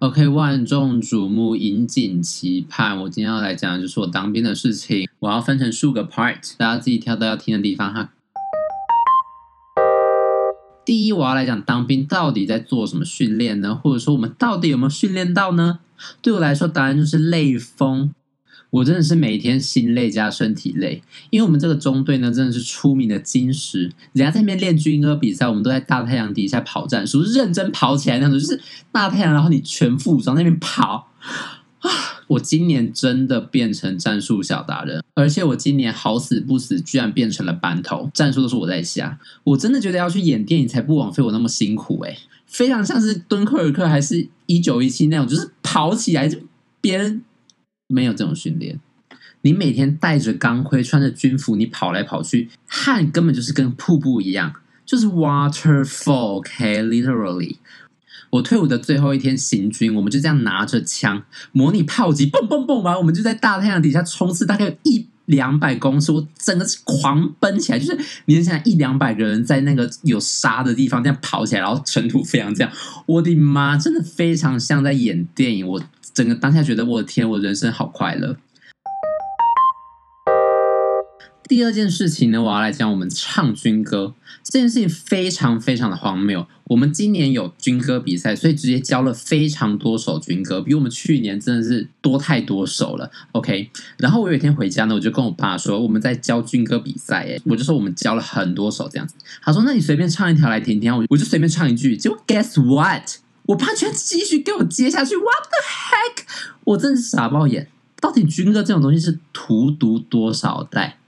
OK，萬眾矚目，引頸期盼。我今天要來講的就是我當兵的事情。我要分成數個 part，大家自己跳到要聽的地方哈。第一，我要來講當兵到底在做什麼訓練呢？或者說我們到底有沒有訓練到呢？對我來說，答案就是累瘋。我真的是每天心累加身體累，因為我們這個中隊呢，真的是出名的精實。人家在那邊練軍歌比賽，我們都在大太陽底下跑戰術，認真跑起來那種，就是大太陽，然後你全副武裝那邊跑啊！我今年真的變成戰術小達人，而且我今年好死不死居然變成了班頭，戰術都是我在下、啊，我真的覺得要去演電影才不枉費我那麼辛苦誒、欸。非常像是敦刻爾克還是一九一七那種，就是跑起來就別人。沒有這種訓練，你每天戴着鋼盔，穿着軍服，你跑來跑去，汗根本就是跟瀑布一樣，就是 waterfall，okay，literally。我退伍的最後一天行軍，我們就這樣拿着槍，模擬炮擊，蹦蹦蹦完，我們就在大太陽底下衝刺，大概有一。兩百公尺，我整個是狂奔起來，就是你想一兩百個人在那個有沙的地方這樣跑起來，然後塵土飛揚，這樣，我的媽，真的非常像在演電影。我整個當下覺得，我的天，我人生好快樂。第二件事情呢，我要來講我們唱軍歌這件事情非常非常的荒謬。我們今年有軍歌比賽，所以直接教了非常多首軍歌，比我們去年真的是多太多首了。OK，然後我有一天回家呢，我就跟我爸說我們在教軍歌比賽，耶，我就說我們教了很多首這樣子。他說那你隨便唱一條來聽聽，我就隨便唱一句，結果 Guess What，我爸居然繼續給我接下去，What the heck？我真的是傻爆眼，到底軍歌這種東西是荼毒多少代？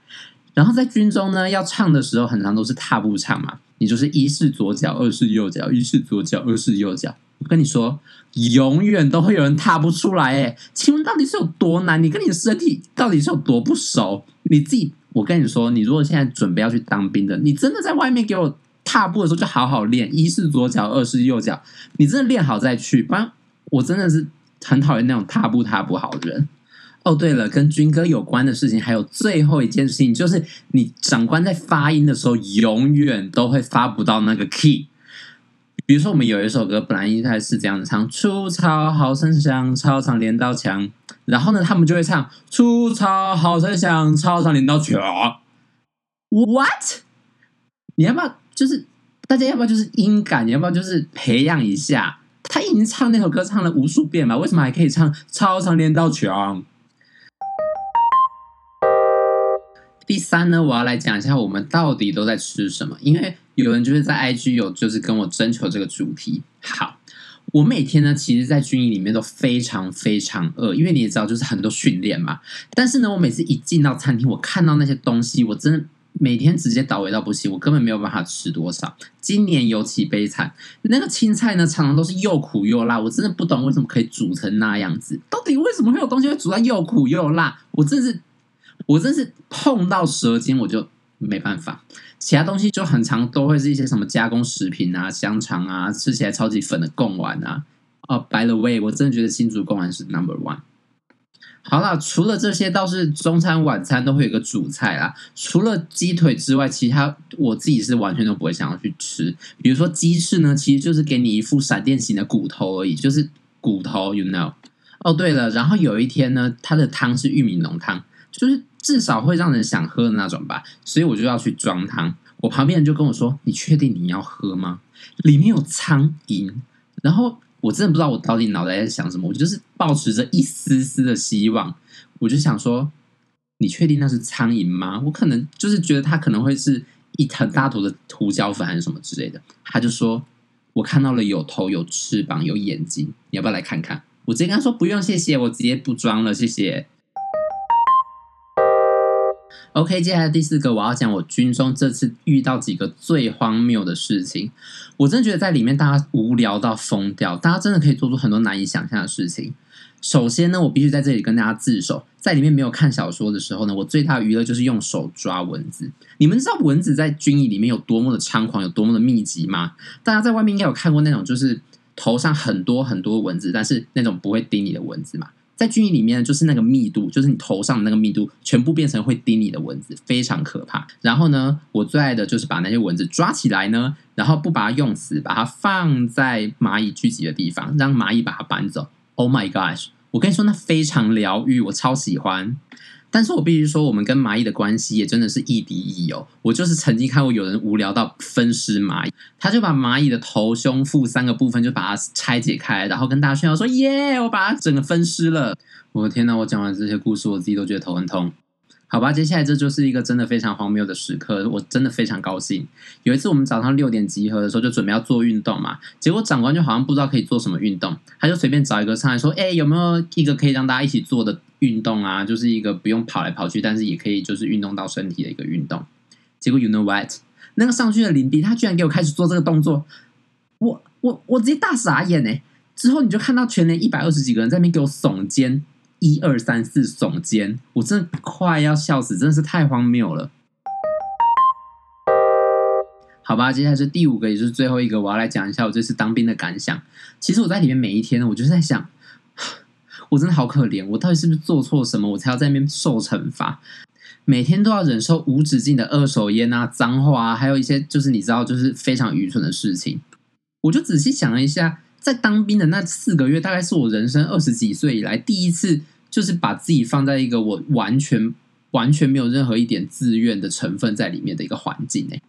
然後在軍中呢，要唱的時候，很常都是踏步唱嘛，你就是一是左腳，二是右腳，一是左腳，二是右腳。我跟你說，永遠都會有人踏不出來。哎，請問到底是有多難？你跟你身體到底是有多不熟？你自己，我跟你說，你如果現在準備要去當兵的，你真的在外面給我踏步的時候，就好好練，一是左腳，二是右腳。你真的練好再去，不然我真的是很討厭那種踏步踏步好的人。哦，oh, 對了，跟軍歌有關的事情還有最後一件事情，就是你長官在發音的時候，永遠都會發不到那個 key。比如說，我們有一首歌，本來應該是這樣唱：“粗糙好聲響，超長鐮刀強。”然後呢，他們就會唱：“粗糙好聲響，超長鐮刀強。” What？你要不要就是大家要不要就是音感？你要不要就是培養一下？他已經唱那首歌，唱了無數遍了，為什麼還可以唱“超長鐮刀強”？第三呢，我要來講一下我們到底都在吃什麼？因為有人就是在 IG 有就是跟我徵求這個主題。好，我每天呢，其實，在軍營裡面都非常非常餓，因為你也知道，就是很多訓練嘛。但是呢，我每次一進到餐廳，我看到那些東西，我真的每天直接倒胃到不行，我根本沒有辦法吃多少。今年尤其悲慘，那個青菜呢，常常都是又苦又辣，我真的不懂為什麼可以煮成那樣子。到底為什麼會有東西會煮到又苦又辣？我真的是。我真是碰到蛇精我就沒辦法，其他東西就很常都會是一些什麼加工食品啊、香腸啊，吃起來超級粉的貢丸啊、oh,。哦，by the way，我真的覺得新竹貢丸是 number one。好了，除了這些，倒是中餐晚餐都會有個主菜啦。除了雞腿之外，其他我自己是完全都不會想要去吃。比如說雞翅呢，其實就是給你一副閃電型的骨頭而已，就是骨頭，you know。哦、oh,，對了，然後有一天呢，它的湯是玉米濃湯。就是至少會讓人想喝的那種吧，所以我就要去裝湯。我旁邊人就跟我說：“你確定你要喝嗎？裡面有蒼蠅。”然後我真的不知道我到底腦袋在想什麼，我就是抱持着一絲絲的希望，我就想說：“你確定那是蒼蠅嗎？”我可能就是覺得它可能會是一很大坨的胡椒粉還是什麼之類的。他就說：“我看到了有頭、有翅膀、有眼睛，你要不要來看看？”我直接跟他說：“不用，謝謝，我直接不裝了，謝謝。” OK，接下來的第四個，我要講我軍中這次遇到幾個最荒謬的事情。我真的覺得在裡面大家無聊到瘋掉，大家真的可以做出很多難以想象的事情。首先呢，我必須在這裡跟大家自首，在裡面沒有看小說的時候呢，我最大的娛樂就是用手抓蚊子。你們知道蚊子在軍營裡面有多麼的猖狂，有多麼的密集嗎？大家在外面應該有看過那種，就是頭上很多很多蚊子，但是那種不會叮你的蚊子嘛。在軍營裡面就是那個密度，就是你頭上的那個密度，全部變成會叮你的蚊子，非常可怕。然後呢，我最愛的就是把那些蚊子抓起來呢，然後不把它用死，把它放在螞蟻聚集的地方，讓螞蟻把它搬走。Oh my gosh！我跟你說，那非常療癒，我超喜歡。但是我必須說，我們跟螞蟻的關係也真的是亦敵亦友。我就是曾經看過有人無聊到分屍螞蟻，他就把螞蟻的頭、胸、腹三個部分就把它拆解開，然後跟大家炫耀說：“耶，我把它整個分屍了！”我的天哪，我講完這些故事，我自己都覺得頭很痛。好吧，接下來這就是一個真的非常荒謬的時刻。我真的非常高興。有一次我們早上六點集合的時候，就準備要做運動嘛。結果長官就好像不知道可以做什麼運動，他就隨便找一個上來說：“哎、欸，有沒有一個可以讓大家一起做的運動啊？就是一個不用跑來跑去，但是也可以就是運動到身體的一個運動。”結果 you know what，那個上去的領兵他居然給我開始做這個動作，我我我直接大傻眼呢、欸。之後你就看到全連一百二十幾個人在那邊給我聳肩。一二三四，1 1, 2, 3, 4, 聳肩，我真的快要笑死，真的是太荒謬了。 好吧，接下來是第五個，也就是最後一個，我要來講一下我這次當兵的感想。其實我在裡面每一天呢，我就在想，我真的好可憐，我到底是不是做錯什麼，我才要在那邊受懲罰。每天都要忍受無止境的二手菸啊、髒話啊，還有一些就是你知道，就是非常愚蠢的事情。我就仔細想了一下。在當兵的那四個月，大概是我人生二十幾歲以來第一次，就是把自己放在一個我完全完全沒有任何一點自願的成分在裡面的一個環境。哎，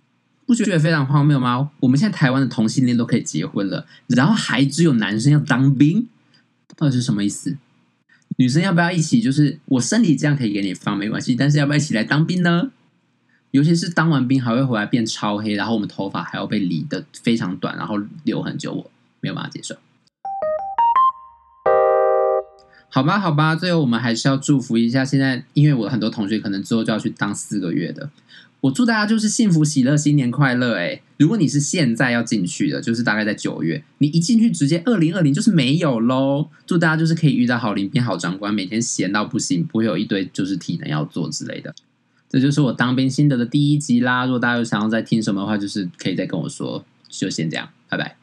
不覺得非常荒謬嗎？我們現在台灣的同性戀都可以結婚了，然後還只有男生要當兵，到底是什麼意思？女生要不要一起？就是我身體這樣可以給你放沒關係，但是要不要一起來當兵呢？尤其是當完兵還會回來變超黑，然後我們頭髮還要被理得非常短，然後留很久。我。沒有辦法接受，好吧，好吧，最後我們還是要祝福一下。現在，因為我很多同學可能之後就要去當四個月的，我祝大家就是幸福、喜樂、新年快樂！誒。如果你是現在要進去的，就是大概在九月，你一進去直接二零二零就是沒有嘍。祝大家就是可以遇到好鄰兵、好長官，每天閒到不行，不會有一堆就是體能要做之類的。這就是我當兵心得的第一集啦。如果大家有想要再聽什麼的話，就是可以再跟我說。就先這樣，拜拜。